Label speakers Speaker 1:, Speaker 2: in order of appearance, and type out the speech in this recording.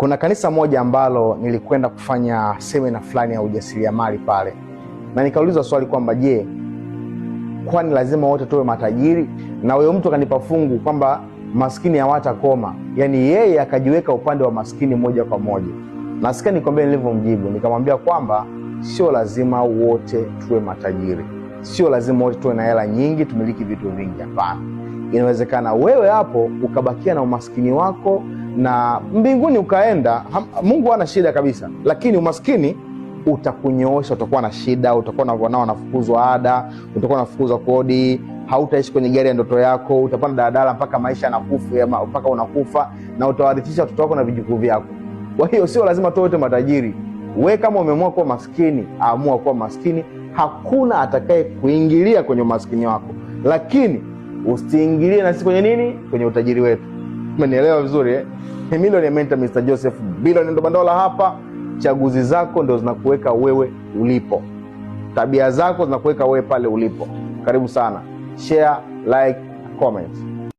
Speaker 1: Kuna kanisa moja ambalo nilikwenda kufanya semina fulani ya ujasiriamali pale, na nikaulizwa swali kwamba je, kwani lazima wote tuwe matajiri? Na huyo mtu akanipa fungu kwamba maskini hawatakoma, yaani yeye akajiweka upande wa maskini moja kwa moja. Nasikia nikwambia nilivyomjibu, nikamwambia kwamba sio lazima wote tuwe matajiri, sio lazima wote tuwe na hela nyingi, tumiliki vitu vingi. Hapana, inawezekana wewe hapo ukabakia na umaskini wako na mbinguni ukaenda, Mungu hana shida kabisa, lakini umaskini utakunyoosha. Utakuwa na shida, utakuwa na nafukuzwa ada, utakuwa unafukuzwa kodi, hautaishi kwenye gari ya ndoto yako, utapanda daladala mpaka maisha ya mpaka unakufa, na utawarithisha watoto wako na vijukuu vyako. Kwa hiyo sio lazima tuwe wote matajiri. We kama umeamua kuwa maskini, aamua kuwa maskini. Hakuna atakaye kuingilia kwenye umaskini wako, lakini usiingilie nasi kwenye nini, kwenye utajiri wetu. Umenielewa vizuri eh? Himilo ni mentor Mr. Joseph Bilion Ndobandola hapa. Chaguzi zako ndo zinakuweka wewe ulipo, tabia zako zinakuweka wewe pale ulipo. Karibu sana, share, like, comment.